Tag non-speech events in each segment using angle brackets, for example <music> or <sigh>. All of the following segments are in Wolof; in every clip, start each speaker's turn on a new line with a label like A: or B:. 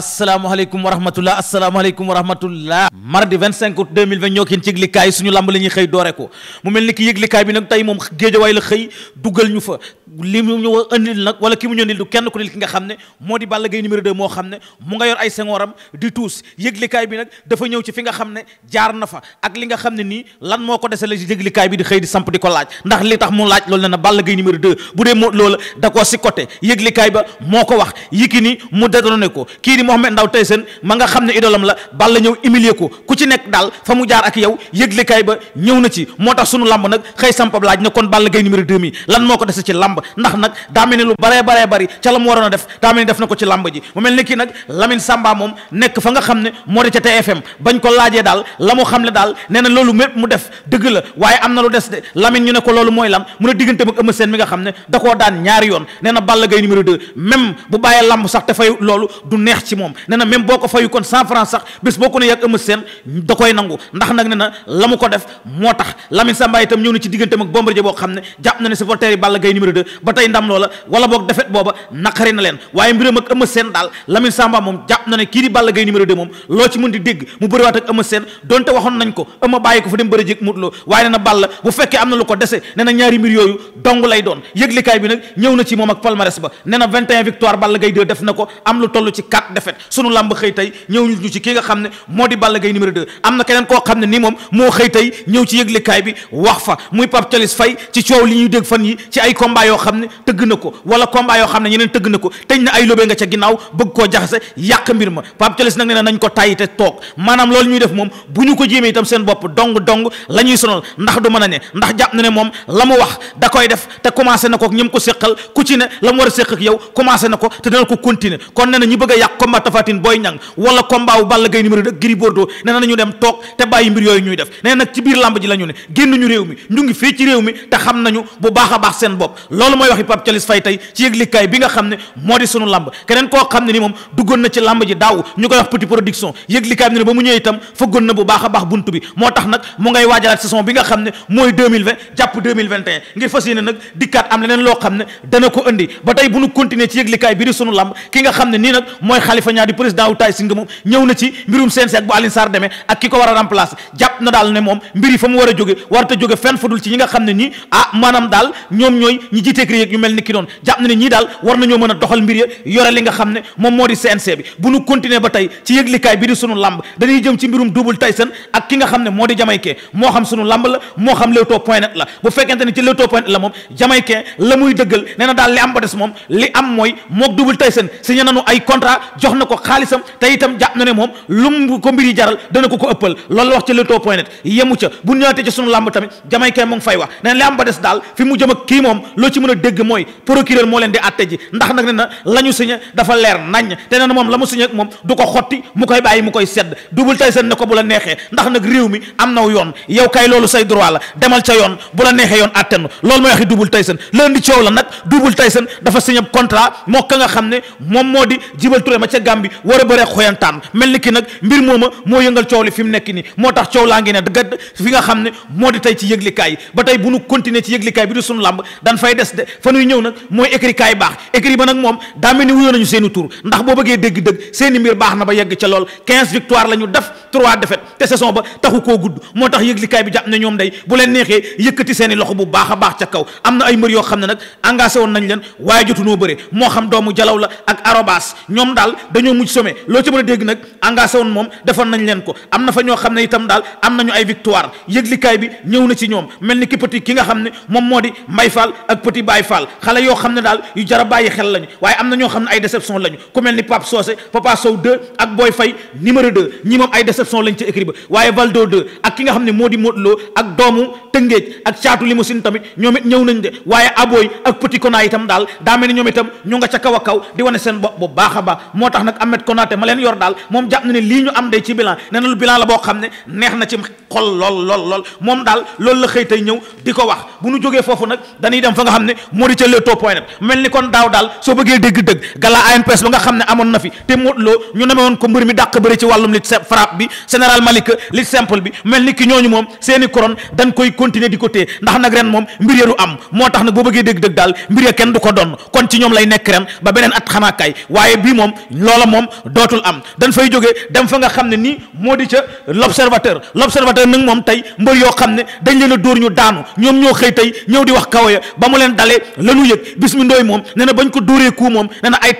A: asalaamaaleykum wa rahmatullah asalaamaaleykum wa rahmatullah mardi 25 août 2020 ñoo kin ci yëglikaay suñu lamb la ñuy xëy doore ko mu mel ni ki yëglikaay bi nag tey moom géejawaay la xëy dugal ñu fa li mu ñu andil nag wala ki mu ñu andil du kenn ku ne ki nga xam ne moo di Balla Gaye numéro 2 moo xam ne mu nga yor ay sengooram di tuus yëglikaay bi nag dafa ñëw ci fi nga xam ne jaar na fa ak li nga xam ne nii lan moo ko desale ci yëglikaay bi di xëy di samp di ko laaj ndax li tax mu laaj loolu ne na Balla Gaye numéro 2 bu dee moo loola da koo si côté ba moo ko wax Yékini mu détrôné ko kii di Mohamed Ndaw Tyson ma nga xam ne idolam la Balla ñëw humilier ko ku ci nekk daal fa mu jaar yow yëglikaay ba ñëw na ci moo tax sunu lamb nag xëy sampab laaj na kon Balla Gaye numéro lan moo ko dese ci lamb làmb ndax nag daa lu baree baree bari ca la mu waroon a def daa mel ni def na ko ci làmb ji mu mel ni nag Lamine Samba moom nekk fa nga xam ne moo la mu xam ne daal nee def dëgg la waaye am na lu des de Lamine ñu ne ko loolu mooy lam mu ne diggante ak Eumeu Sène mi nga xam ne da koo daan ñaari yoon nee na Balla Gaye numéro 2 bu bàyyee làmb sax te fayu loolu du neex ci moom nee na même boo ko fayu kon cent francs sax bés boo ko ne yàgg Eumeu Sène da koy nangu ndax nag nee na la mu ko def moo tax Lamine Samba ba tey ndam loola wala boog defet booba naqari na leen waaye mbiram ak Eumeu Sène daal Lamine Samba moom jàpp na ne kii di Balla Gaye numéro 2 moom loo ci mën di dégg mu bëriwaat ak Eumeu Sène donte waxoon nañ ko Eumeu bàyyi ko fa dem bëri jég Modou waaye nee na Balla bu fekkee am na lu ko dese nee ñaari mbir yooyu dong lay doon yëglikaay bi nag ñëw na ci moom ak palmarès ba nee na 21 victoire Balla Gaye 2 def na ko am lu toll ci 4 défaites yoo xam ne tëgg na ko wala combat yoo xam ne ñeneen tëgg na ko teñ na ay lobé nga ca ginnaaw bëgg koo jaxase yàq mbir ma Pape Thialis na nañ ko tàyyi te toog maanaam loolu ñuy def moom bu ñu ko jéemee itam seen bopp dong dong la ñuy ndax du mën ne ndax jàpp na ne moom la mu wax da koy def te commencé na ko ñim ko séqal ku ci ne la mu war a séq ak yow commencé na ko te dana ko continuer kon nee na ñu bëgg a yàq combat Tapha Tine Boy Niang wala combat wu Balla Gaye numéro 2 Gris na ñu dem la ñu ñu réew mi a baax loolu mooy waxi Pape Thialis Faye tey ci yëglikaay bi nga xam ne moo di sunu làmb keneen koo xam ne ni moom duggoon na ci làmb ji daaw ñu koy wax petit production yëglikaay bi ne ba mu ñëwee itam fëggoon na bu baax a baax buntu bi moo tax nag ne nag dikkaat am leneen loo xam ne dana ko indi ba tey bu nu continuer ci yëglikaay bi di sunu làmb ki nga xam ne nii nag mooy Khalifa Niang di président wu Tay Sing moom ñëw na ci mbirum CNG ak ak jàpp na daal ne moom a jóge war ta jóge fenn fadul ci ñi nga xam ne nii ah maanaam daal ñoom a moo di CNG bi bu ñu continuer ba tey ci yëglikaay bi di sunu lamb la moo xam Leewtoo point la bu fekkente la moom jamaïcain la muy dëggal nee na daal li am ba des moom li am mooy mook Double Tyson signé nañu ay contrat jox na ko xaalisam te itam jàpp na ne moom lum ko mbir yi jaral dana ko ko ëppal loolu wax ci Leewtoo point net yemu ca bu ñëwaatee ci sunu làmb tamit jamaykee mu ngi fay wax neen làmb ba des daal fi mu jëm ak kii moom loo ci mën a dégg mooy procureur moo leen di àtte ji ndax nag ne na la ñu dafa leer nañ te nee moom la mu signé ak moom du ko xotti mu koy bàyyi mu koy sedd dubul tay ne ko bu la neexee ndax nag réew mi am naw yoon yow kay loolu say droit demal ca yoon bu la neexee yoon àttendu loolu mooy waxi dubul tay leen di coow la nag a bëree laa ngi ne dëgg fi nga xam ne moo di tey ci yëglikaay yi ba tey bu nu continuer ci yëglikaay bi di sunu làmb dan fay des de fa nuy ñëw nag mooy écrit kaay baax écrit ba nag moom daa mel ni wuyoo nañu seeni tur ndax boo bëggee dégg-dëgg seeni mbir baax na ba yegg ca lool 15 victoire la ñu def 3 défaites te saison ba taxu tax yëglikaay bi jàpp ne ñoom day bu leen neexee yëkkati seeni loxo bu baax a baax ca kaw am na ay mbër yoo xam ne nag engagé woon nañ leen waaye jotunoo bëre moo xam doomu jalaw la ak arobas ñoom daal dañoo mujj sommet loo ca mën a dégg nag engagé woon moom defoon nañ leen ko am na fa ñoo xam ne itam daal am nañu ay victoire yëglikaay bi ñëw na ci ñoom mel ni ki petit ki nga xam ne moom moo di Mbay Fall ak petit Baay Fall xale yoo xam ne daal yu jar a bàyyi xel lañu waaye am na ñoo xam ne ay déception lañu ku mel ni Pape Socé Papa Sow 2 ak Boy ñi moom ay déception lañ ci écrit waaye Valdo 2 ak ki nga xam ne moo di Modou Lo ak doomu Tëngéej ak caatu limousine tamit ñoom it ñëw nañ de waaye Aboy ak petit Kona itam daal daa mel ni ñoom itam ñu nga ca kaw a kaw di wane seen bopp bu baax moo tax nag Ahmed Konaté ma leen yor daal moom jàpp na ne lii ñu ci bilan nee na la boo xam ne neex na ci cim xol lool lool lool moom daal loolu la xëy tey ñëw di ko wax bu nu jógee foofu nag dañuy dem fa nga xam ne moo di ca Leewtoo point mel ni kon daaw daal soo bëggee dégg-dëgg gala ANPS ba nga xam ne amoon na fi te Modou Lo ñu neme woon ko mbër mi dàq bëri ci wàllum lit frappe bi général Malick lit simple bi mel ni ki ñooñu moom seeni couronne dañ koy continuer di ko téye ndax nag ren moom mbir ya am moo tax nag boo bëggee dégg-dëgg daal mbir ya kenn du ko donn kon ci ñoom l'observateur nag moom tey mbër yoo xam ne dañ leen a dóor ñu daanu ñoom ñoo xëy tey ñëw di wax kaw ya ba mu leen dalee la yëg bis moom ne na bañ ko dóoree kuu moom ne a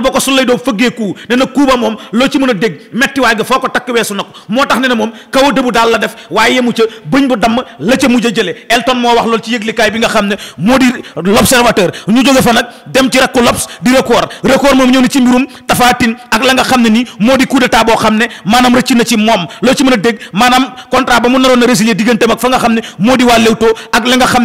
A: ba ko mu a fëggee kuu ne kuu ba moom loo ci mën a dégg mettiwaay ga foo ko takk weesu na ko moo tax ne moom kaw a daal la def waaye yemu ca bëñ bu damm la ca mujj a jële Elton moo wax loolu ci yëglikaay bi nga xam xam ne moo di l'observateur ñu jóge fa nag dem ci rakku lobs di record record moom ñëw na ci mbirum tafaatin ak la nga xam ne nii moo di coup a dégg maanaam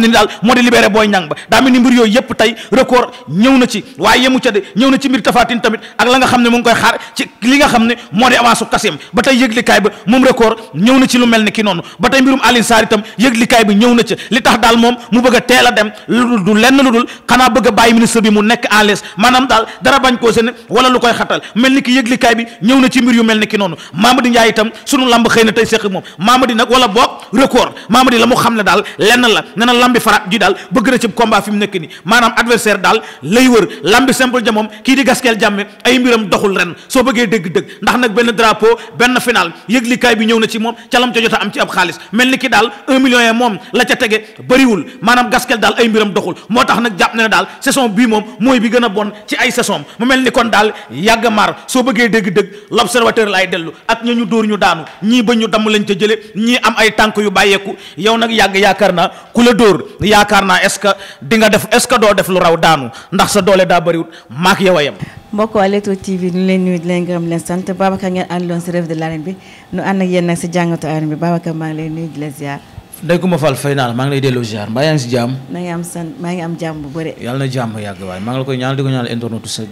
A: a booy ñang ba daa mbir yooyu yépp tey record ñëw na ci waaye yemu ca de ñëw na ci mbir tafaatin tamit ak la nga xam ne mu ngi koy xaar li nga xam ne moo di avance u ba tey yëglikaay ba moom record ñëw na ci lu mel ni ki noonu ba tey mbirum Alioune Sarr yëglikaay bi ñëw na ca li tax daal moom mu bëgg a dem lu dul du lenn lu dul xanaa bëgg a bàyyi ministre bi mu nekk à l'aise daal dara bañ koo seen wala lu koy xatal mel ni ki yëglikaay bi ñëw na ci mbir yu mel ni ki noonu Mamadi Ndiaye itam sunu lamb xëy na tey seq moom Mamadi nag wala boog record Mamadi la mu xam ne daal lenn la ne na lambi faraat ji daal bëgg na ci combat fi mu nekk nii maanaam adversaire daal lay wër lambi simple ja moom kii di gaskeel jàmme ay mbiram doxul ren soo bëggee dëgg-dëgg ndax nag benn drapo benn final yëglikaay bi ñëw na ci moom calam ca jota am ci ab xaalis mel ni ki daal un million yee moom la ca tege bariwul maanaam gaskeel daal ay mbiram doxul moo tax nag jàpp na ne daal saison bii moom mooy bi gën a bon ci ay saison mu mel ni kon daal yàgg soo bëggee dëgg-dëgg l'observateur laay dellu ak ña ñu dóor ñu daanu ñii ba ñu damm lañ ca jële ñii am ay tànk yu bàyyeeku yow nag yàgg yaakaar naa ku la dóor yaakaar naa est-ce def est doo def lu raw daanu ndax sa doole daa bëriwut maak yow a yem
B: mbokk waa Leewtoo TV ñu leen nuyu di leen gërëm leen sant Babacar ngeen àndoon si revue de l'arène bi nu ànd ak yéen nag si jàngatu arène bi Babacar maa ngi lay nuyu di la ziar
A: day ko ma fal fay naa la maa ngi lay delloo ziar mbaa yaa ngi si jàmm
B: maa am sant maa ngi am jàmm bu bëri
A: yàlla na jàmm yàgg waaye maa ngi la koy ñaanal di ko ñaanal internet sa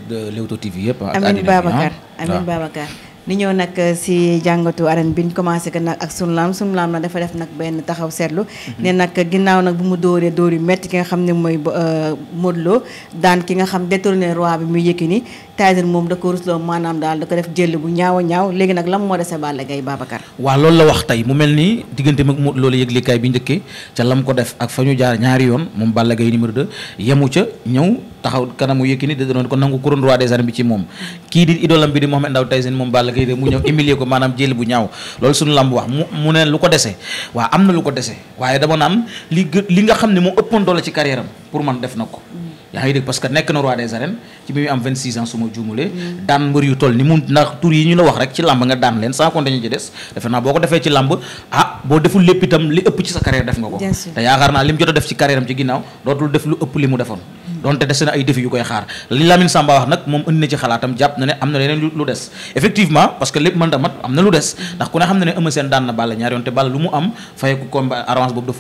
A: euh,
B: ni ñëw nag euh, si jàngatu arène bi ñu commencé que nag ak sunu laam sunu laam nag dafa def nag benn taxaw seetlu. Mhm. ne nag ginnaaw nag bu mu dóoree dóor yu métti ki nga xam ne mooy euh, Modou Lo daan ki nga xam détourné roi bi muy Yékini Tyson moom da ko rusloo maanaam daal da ko def jël bu ñaaw a ñaaw léegi nag lam moo dese Balla Gaye Babacar.
A: waaw loolu la wax tey mu mel ni diggante mag Modou Lo la yëglekaay bi njëkkee ca lam ko def ak fa ñu jaar ñaari yoon moom Balla Gaye numéro 2 yemu ca ñëw. taxaw kanamu Yékini da doon ko nangu couronne roi des arènes bi ci moom mhm. kii di idolam bi di Mohamed Ndao Tyson moom Balla Gaye rëy mu ñëw humilier ko maanaam jël bu ñaaw loolu suñu lamb wax mu mu ne lu ko dese waaw am na lu ko dese waaye dama naan li nga xam ne moo ëppoon doole ci carrière pour man def na ko mm. yaa ngi dégg parce que nekk na roi des arènes ci bi muy am 26 ans su ma mm. daan mbër yu toll ni mu ndax tur yi ñu la wax rek ci làmb nga daan leen sans compter ñu ci des defe naa boo ko defee ci làmb ah boo deful lépp itam li ëpp ci sa carrière def nga ko donte des na ay défi yu koy xaar li Lamine Samba wax nag moom indi na ci xalaatam jàpp na ne am na leneen lu des effectivement parce que lépp mën da mat am na lu des ndax ku ne xam na ne Eumeu Sène daan na Balla ñaar yoon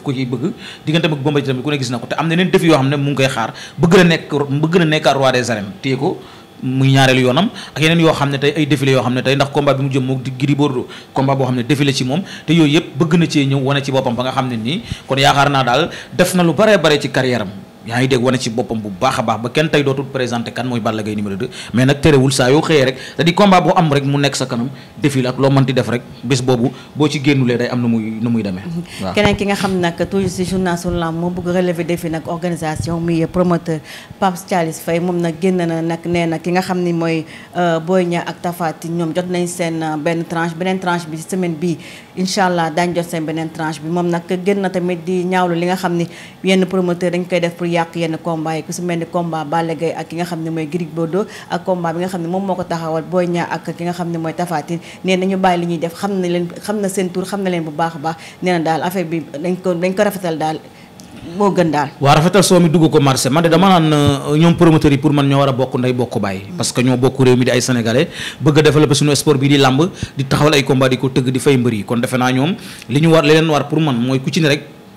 A: ko ciy bëgg diggante ak Bombardier tamit ku yoo xam ne mu ngi koy xaar bëgg na nekk bëgg na nekkaat roi des arènes téye ko muy ñaareelu yoonam ak yeneen yoo xam ne tey ay défilé yoo xam ne tey ndax combat bi mu jëm moom Gris Bordeaux combat boo xam ne défilé ci moom te yooyu yëpp bëgg na cee ñëw wane ci boppam ba nga xam yaakaar naa daal def na lu bare bare ci am yaa ngi dégg wane ci boppam bu baax a baax ba kenn tey dootul présenté kan mooy Balla Gaye numéro 2 mais nag terewul saa yoo xëyee rek cest combat boo am rek mu nekk sa kanam défi ak loo mënti def rek bés boobu boo ci génnulee day am nu muy nu mhm. keneen ki
B: nga xam nag toujours si ni mooy euh, Boy Niang ak Tapha Tine ñoom jot nañ seen euh, benn tranche beneen tranche bi semaine bii incha allah daañ jot seen beneen tranche bi moom nag génn na tamit di ñaawlu li nga xam ni yenn promoteur yàq yenn combat yi ku si mel ni combat Balla Gaye ak ki nga xam ne mooy Gris Bordeaux ak combat bi nga xam ne moom moo ko taxawal Boy Niang ak ki nga xam ne mooy Tapha Tine nañu bàyyi li ñuy def xam na leen a ko rafetal daal moo gën daal
A: waaw rafetal soo mi dugg ko marché man de dama naan euh, ñoom promoteurs yi pour man ñoo war a bokk nday bokk bàyyi mm. parce que ñoo bokk réew mi di ay sénégalais bëgg a développer suñu sport bi di làmb di taxawal ay combat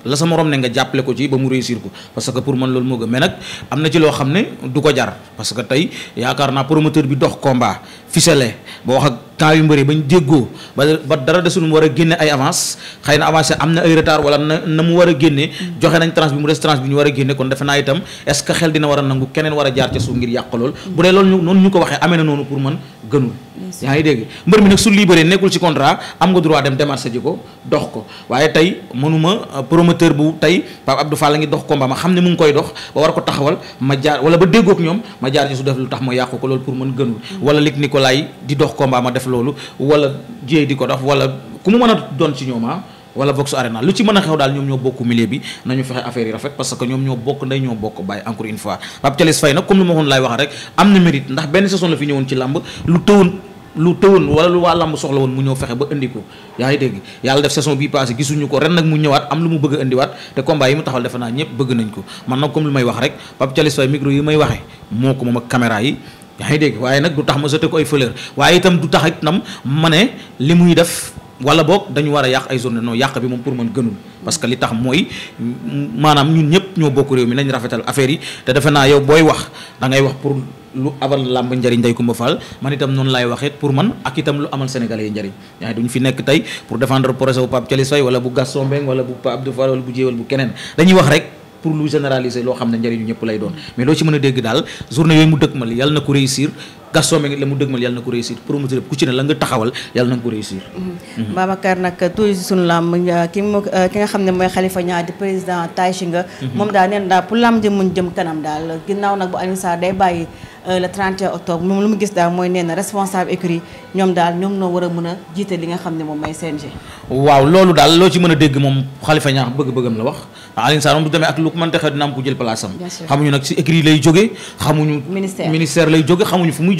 A: la sa morom ne nga jàppale ko ci ba mu réussir ko parce que pour man loolu moo gën mais nag am na ci loo xam ne du ko jar parce que tey yaakaar naa promoteur bi dox combat ficelé ba wax ak temps yu mbëri bañ déggoo ba ba dara desul mu war a génne ay avance xëy na avancé am na ay retard wala na na mu war a génne joxe nañ tranche bi mu des tranche bi ñu war a génne kon defe naa itam est xel dina war a nangu keneen war a jaar ca suuf ngir yàq lool bu dee waxee amee na noonu pour man gënul yaa ngi dégg mbër mi nag su libéré nekkul ci contrat am nga droit dem démarché ji ko dox ko waaye tey mënuma euh, promoteur bu tey Pape Abdou Fall la ngi dox combat ma xam ne mu ngi koy dox ba war ko taxawal ma jaar wala ba déggook ñoom ma jaar ñu su def lu tax ma yàqu ko loolu pour mën gënul mm. wala lig Nicolas di dox combat ma def loolu wala jéey di ko dox wala ku mu mën a doon ci ñoom ah wala Vox Arena lu ci mën a xew daal ñoom ñoo bokk milieu bi nañu fexe affaire yi rafet parce que ñoom ñoo bokk nday ñoo bokk bàyyi encore une fois Pape Thialis Faye na fexe ba indi ko yaa ngi dégg yàlla def saison bi passé ko ren nag mu ñëwaat am lu mu a indiwaat naa ñëpp bëgg ko man nag comme lu may wax rek Pape Thialis Faye micro yi may moo ko moom ak caméra yi yaa ngi dégg waaye nag du tax ma sote ko ay fleur waaye itam du tax itam ma ne li muy def wala boog dañu war a yàq ay journée non yàq bi moom pour man gënul parce que li tax mooy maanaam ñun ñëpp ñoo bokk réew mi nañ rafetal affaire yi te defe naa yow booy wax da ngay wax pour lu abal làmb njëriñ day Kumba Fall man itam noonu laay waxee pour man ak itam lu amal sénégalais yi njëriñ yaa duñ fi nekk tey pour défendre projet bu Pape Thialis Faye wala bu Gaston Mbengue wala bu Pape Abdou Fall wala bu jéewal bu keneen dañuy wax rek pour lu généraliser loo xam ne njëriñu ñëpp lay doon mais loo ci a dégg daal journée yooyu mu Gaston Mbengue la mu dëgmal yàlla na ko réussir promoteur ku ci ne la nga taxawal yàlla na nga ko réussir.
B: Mm-hmm. Mm-hmm. Babacar nag toujours euh, euh, mm-hmm. moom daal neen daal pour làmb jëm kanam daal ginnaaw nag bu Alioune day bàyyi. Euh, le 31 octobre moom lu mu gis daal mooy nee responsable écurie ñoom daal ñoom noo war a mën a jiite li nga xam ne moom mooy CNG.
A: waaw loolu daal loo ci mën a dégg moom Khalifa Niang bëgg-bëggam la wax Alioune moom du demee ak lu mën a taxaw dina am jël place xamuñu nag si écurie lay jógee. xamuñu ministère lay jógee xamuñu fu muy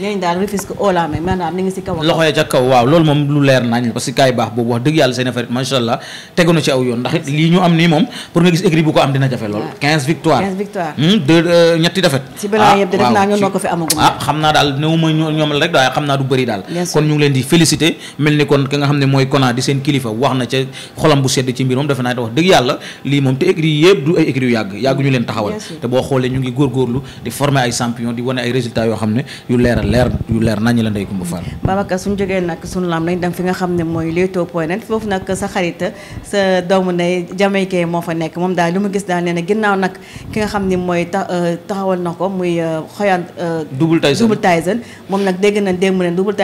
B: ñooñu daal refuse ko olaame maanaam ni loxo
A: ya ca kaw waaw loolu moom lu leer nañ parce que kaay baax boobu wax dëgg yàlla seen affaire macha allah tegu na ci aw yoon ndax lii ñu am nii moom pour nga gis écrit bu ko am dina jafe lool 15 victoire 15 ñetti defet ah, ah xam naa daal néew ma ñoom la rek waaye xam naa du bëri daal kon ñu leen di féliciter mel ni kon ki nga xam ne mooy Kona di seen kilifa wax na ca xolam bu sedd ci mbir moom defe naa wax dëgg yàlla lii moom te écrit leer yu leer nañu la Ndeye Coumba Fall
B: Babacar suñu jógee nag suñu lam lañ dem fi nga xam ne mooy Leewtoo point net foofu nag sa xarit sa doomu ndey Jamaïque moo fa nekk moom daal li mu gis daal nee ginnaaw nag ki nga xam ne mooy euh, taxawal na ko muy euh, xoyaan euh, Double Tyson Double Tyson moom nag dégg na démb ne Double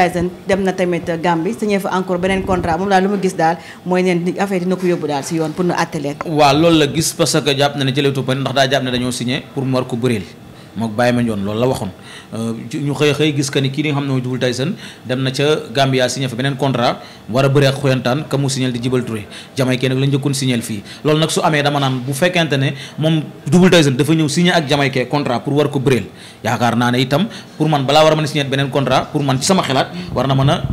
B: dem na tamit Gambie signé fa encore beneen contrat moom daal li mu gis daal mooy neen affaire dina ko yóbbu daal si yoon pour nu àtte leen
A: waaw loolu la gis parce que jàpp na ne ci Leewtoo point ndax daa jàpp ne dañoo signé pour mu war ko bëreel mook Baye Mandione loolu la waxoon euh, ñu xëy xëy gis que ni kii li xam ne mooy Double Tyson dem na ca Gambia signé fa beneen contrat war a bëre ak xoyantaan ka mu signal di Jibal Touré Jamaïcain nag la njëkkoon signal fii loolu nag su amee dama naan bu fekkente ne moom Double Tyson dafa ñëw signé ak Jamaïcain contrat pour war ko bëreel yaakaar naa itam pour man balaa war a mën a beneen contrat pour man ci sama xalaat war na mën a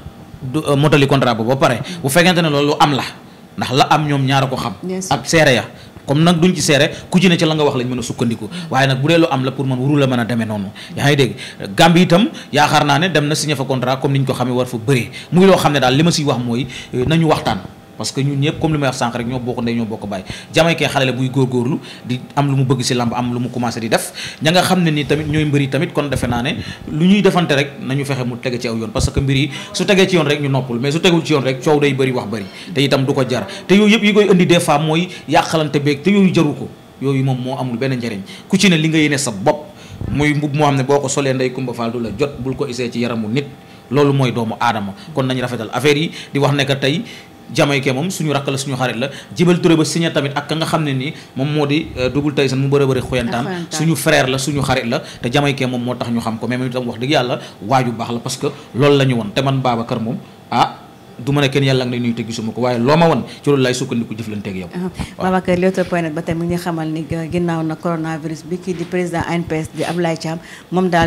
A: euh, motali a comme nag duñ ci seere ku ci ne ci la nga wax lañ mën a sukkandiku waaye nag bu dee lu am la pour man wuru la mën a demee noonu yaa ngi dégg Gambie itam yaakaar naa ne dem na signé fa contrat comme niñ ko xamee war fa bëree muy loo xam ne daal li ma siy wax mooy eh, nañu waxtaan parce que ñun ñëpp comme li may wax sànq rek ñoo bokk ndey ñoo bokk bàyyi jamaykee xale la buy góorgóorlu di am lu mu bëgg si lamb am lu mu commencé di def ña nga xam ne nii tamit ñooy mbër yi tamit kon defe naa ne lu ñuy defante rek nañu fexe mu tege ci aw yoon parce que mbir yi su tegee ci yoon rek ñu noppul mais su tegul ci yoon rek coow ko jar te yooyu yëpp yi koy indi des fois mooy yàqalante beeg te yooyu jaru ko yooyu moom moo amul benn njariñ ku ci ne li nga yéene sa bopp muy mbub moo am ne boo ko solee ndey kumba faal la jot bul ko isee ci yaramu nit loolu mooy doomu aadama kon nañu rafetal affaire yi di wax ne tey Jamaïque moom suñu rakk la suñu xarit la jibal Touré ba signé tamit ak ka nga xam ne nii moom moo di euh, Double Tyson mu bëre bëri xuyantaan suñu frère la suñu xarit la te Jamaïque moom moo tax ñu xam ko mais moom itam wax dëgg yàlla waaju baax la parce que loolu la ñu woon te man Babacar moom ah du mën a kenn yàlla nga nuyu te gisuma ko waaye loo ma wan ci loolu laay sukkandiku jëflante ak yow.
B: Uh-huh. Babacar Leewtoo point net ba tey mu ngi xamal ni ginnaaw na coronavirus bi kii di président ANPS di Abdoulaye Thiam moom euh,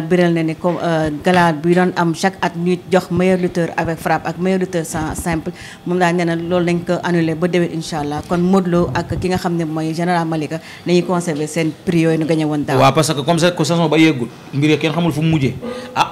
B: moom daal nee loolu dañ ko annulé ba déwén incha allah kon Modou ak ki nga xam ne mooy général Malika dañuy conserver seen prix yooyu ñu gagné woon daaw. parce
A: que comme saison ba yeggul mbir kenn xamul fu mu mujjee ah,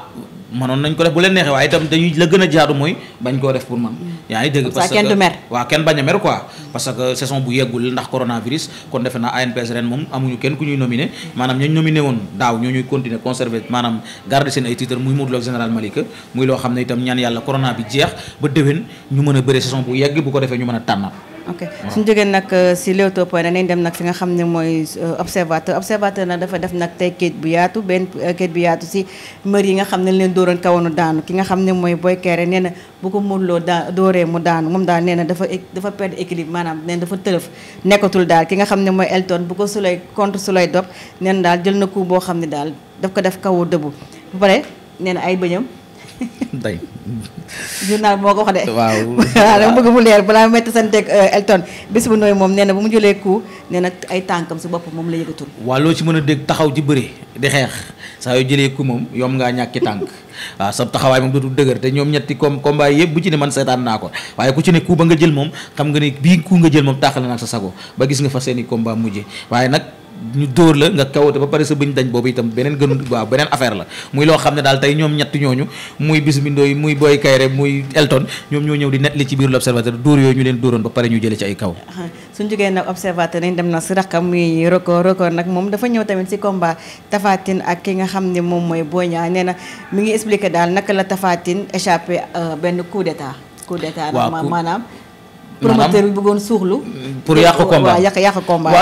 A: mënoon nañ ko def bu leen neexee waaye itam dañuy la gën a jaadu mooy bañ koo def pour man mm. yaa ngi dégg parce que kenn du mer waaw kenn bañ a mer quoi mm. parce que saison bu yeggul ndax coronavirus kon defe naa ANPS ren moom amuñu kenn ku ñuy nominé maanaam ñooñu nominé woon daaw ñoo ñuy continuer conserver maanaam garder seen ay muy Modou Lo général Malika muy loo xam ne itam ñaan yàlla corona bi jeex ba déwén ñu mën a bëre saison bu yegg bu ko defee ñu mën a ok suñu
B: jógee nag euh, si Leewtoo point nañ dem nag fi nga xam ne mooy euh, observateur observateur nag dafa def nag tey kayit bu yaatu benn euh, kayit bu yaatu si mbër yi nga xam ne leen dooroon kawoon daanu ki nga xam ne mooy Boy Kéré nee na bu ko mënuloo daa dooree mu daanu moom daal nee na dafa dafa perdre équilibre maanaam nee dafa tërëf nekkatul daal ki nga xam ne mooy Elton bu ko sulay contre sulay dop nee na daal jël na coup boo xam ne daal daf ko def kawu dëbu bu day <laughs> journal moo ko wax de waaw <laughs> dama bëgg mu leer balaa metti santeeg euh, Elton bis bu nooy moom nee na bu mu jëlee coup nee na ay tànkam si bopp moom la yëgatul
A: waaw loo ci mën a dégg taxaw ci bëre di xeex saa yoo jëlee coup moom yomb ngaa ñàkki tànk <laughs> waaw sa taxawaay moom dootul dëgër te ñoom ñetti comme combat yëpp bu ci ne man seetaan naa ko waaye ku ci ne coup ba nga jël moom xam nga ne bii coup nga jël moom taaxal na ak sa sago ba gis nga fa seeni combat mu waaye ñu dóor la nga kawate ba pare sa bëñ dañ boobu itam beneen gënu waaw beneen affaire la muy loo xam ne daal tey ñoom ñett ñooñu muy Bismi Ndoye muy Boy Kayre muy Elton ñoom ñoo ñëw di nettali ci biir l'observateur dóor yooyu ñu leen dóoroon ba pare ñu jëlee ci ay kaw ah,
B: suñ jógee nag observateur nañ dem na si rakkam muy record record nag moom dafa ñëw tamit si combat Tafatine ak ki nga xam ne moom mooy Boy Niang nee na mi ngi expliqué daal naka la Tafatine échappé euh, benn coup d'état coup d'état maanaam promoteur bi bëggoon suuxlu.
A: pour yàq combat waaw yàq yàq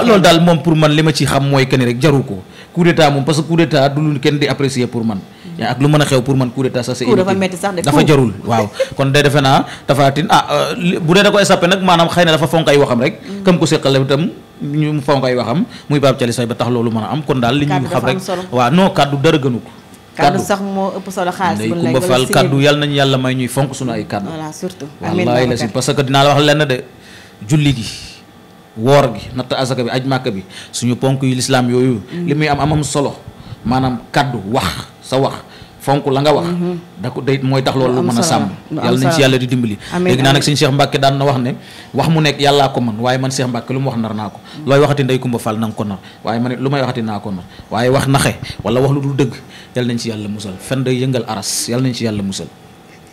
A: loolu daal moom pour man li ma ci xam mooy que rek jaru ko coup d'état moom parce que coup d'état du lu kenn di apprécier pour man. ak lu mën a xew pour man coup d'état sax sa dafa metti
B: sax de dafa jarul
A: waaw kon day defe naa tafaatin ah euh, bu dee da ko échappé nag maanaam xëy na dafa fonk ay waxam rek mm. kam ko séqal itam ñu fonk ay waxam muy baab cali ba tax loolu mën a am kon daal li ñu xam rek waa non kàddu dara gënu ko kaddu sax
B: moo ëpp solo xaalis bu lay fal kaddu
A: yàlla nañu yàlla may ñuy fonk suñu ay kaddu
B: voilà surtout wallaahi la si
A: que dinaa la wax lenn de julli gi woor gi natt asaka bi aj màkk bi suñu ponk yu lislaam yooyu mm. li muy am amam solo maanaam kaddu wax sa wax fonk la nga wax mhm. da ko day mooy tax loolu mën a sàmm yàlla nañ ci yàlla di dimbali léegi naa nag sëñ Cheikh daan na wax ne wax mu nekk yàllaa ko man waaye man Cheikh Mbacke lu mu wax nar naa ko mm. looy waxati ndey Kumba Fall na nga ko nar waaye man lu may waxati naa ko nar waaye wax naxe wala wax lu dul dëgg yàlla nañ si yàlla musal fen day yëngal aras yàlla nañ si yàlla musal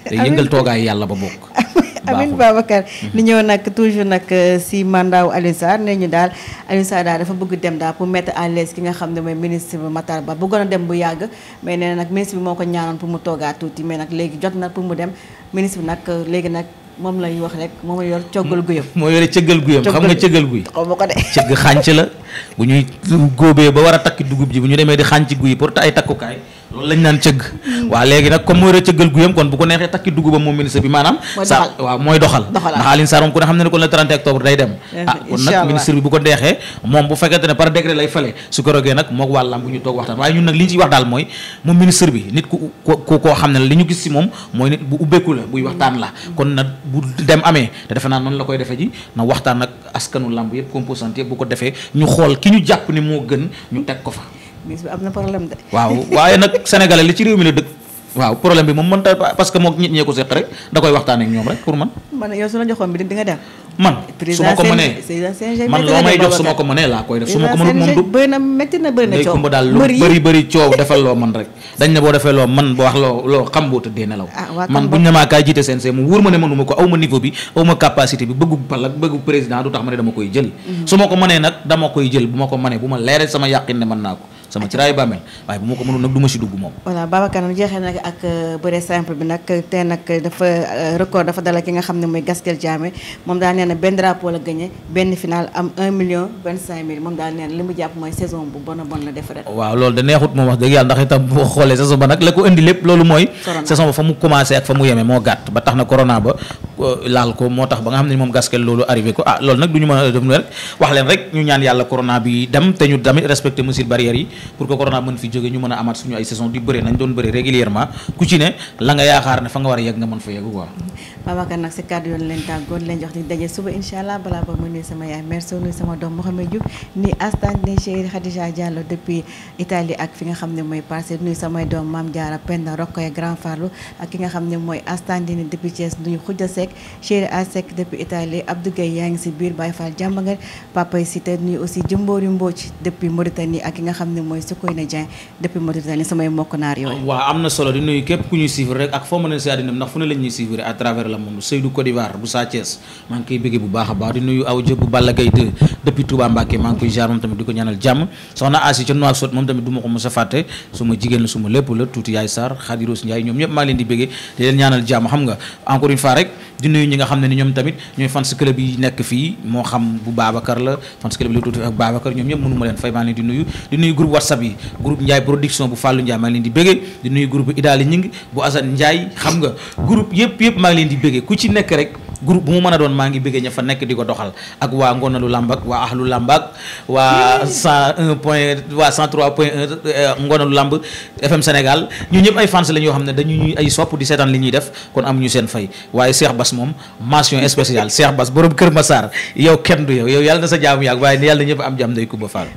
A: day yëngal toogaay yàlla ba bokk
B: <laughs> Amin Babacar ni mhm. ñëw nag toujours nag euh, si mandaaw Alioune Sarr ñu daal Alioune Sarr daal dafa bëgg dem daal pour mettre à l'aise ki nga xam ne mooy ministre bi Matar Ba bëggoon a dem bu yàgg mais nee nag ministre bi moo ko ñaanoon pour mu toogaa tuuti mais nag léegi jot na pour mu dem ministre bi nag euh, léegi nag moom lay wax rek moom la yor coggal
A: guyam moo yore cëggal guyam xam nga cëggal guy xaw ma ko de <laughs> cëgg xànc la bu ñuy góobee ba war a takki dugub ji bu ñu demee di xànc guy pour ay takkukaay loolu lañ naan cëgg waaw léegi nag comme mooy ra cëggal guyam kon bu ko neexee takki dugg ba moom ministre bi maanaam sa waaw mooy doxal ndax Alioune Sarr moom ku ne xam ne ne kon le 30 octobre day dem eh, ah kon nag ministre bi bu ko neexee moom koo xam ne li si moom mooy nit bu ubbeeku la buy waxtaan la kon nag bu amee te defe naa noonu la koy defee ji na waxtaan nag askanu làmb yëpp composante yëpp bu ko defee ñu xool ki ñu jàpp ni moo gën ñu teg ko fa bis bi am na problème de. waaw waaye nag sénégalais li ci réew mi la dëkk. waaw problème bi moom mënta parce que moom nit ñee ko seq rek da koy waxtaan ak ñoom rek pour man. man nag dama koy jël bu ma ko mënee bu ma leeree sama yàqin ne mën naa ko sama ciraayu bàmmeel waaye bu ma ko mënul nag du ma si dugg moom
B: voilà Babacar nag jeexee nag ak euh, bëre simple bi nag tey nag dafa euh, record dafa dala ki nga xam ne mooy Gaskel Diamé moom daal nee nee na li mu jàpp mooy a bon la def ren waaw
A: loolu da xoolee saison ba ko lépp loolu mooy saison ba fa mu commencé ak fa mu yemee moo ba tax na corona ba nga xam ne moom Gaskel loolu arrivé ko ah loolu nag du ñu mën a def rek wax leen rek ñu ñaan yàlla corona bi dem te ñu tamit respecté mesures barrières yi pour que corona mën fi jóge ñu mën a amaat suñu ay saison di bëre nañ doon bëre régulièrement ku ci ne la nga yaakaar ne fa nga war a yegg nga mën fa yegg
B: quoi ne mooy passé nuyu samay doom Mame Diarra Penda Rokoy Grand Farlou ak ne mooy Asta Ndine depuis Thiès nuyu Khoudia Seck yaa ngi si biir Baye Fall jàmbangar Papa Cité nuyu aussi Jumboori Mbooc depuis mooy Soucoyna Dieng depuis Mauritanie samay mbokk naar yooyu
A: ah, waaw am na solo di nuyu képp ku ñuy suivre rek ak foo mën a si àddina ndax fu ne lañ ñuy suivre à travers le monde Seydou Côte d'Ivoire bu Sa Thiès koy bëggee bu baax a baax di nuyu aw jë bu Balla Gaye 2 depuis Touba Mbacké maa koy jaar moom tamit du ma ko mos a fàtte su ma jigéen la su lépp la tuuti Yaay Sarr Khadiros Ndiaye ñoom ñëpp maa leen di bëggee di leen ñaanal jàmm xam nga encore whatsapp yi groupe Ndiaye production bu Fallou Ndiaye maa ngi leen di bëggee di nuyu groupe Idaali ñi ngi bu Assane Ndiaye xam nga groupe yëpp yëpp maa ngi leen di bëggee ku ci nekk rek groupe bu mu mën a doon maa ngi bëggee ña fa nekk di ko doxal ak waa ngonalu làmbak waa ahlu làmbak waa 101 point waa 103 point 1 euh, ngonalu làmb FM Sénégal ñu ñëpp ay fans la ñoo xam ne dañu ñuy ay sopp di seetaan li ñuy def kon amuñu seen fey waaye Cheikh Bass moom mention spéciale Cheikh bas borom Kër ma saar yow kenn du yow yow yàlla na sa jaamu yàgg waaye yàlla ñëpp am jàmm day Kumba Fall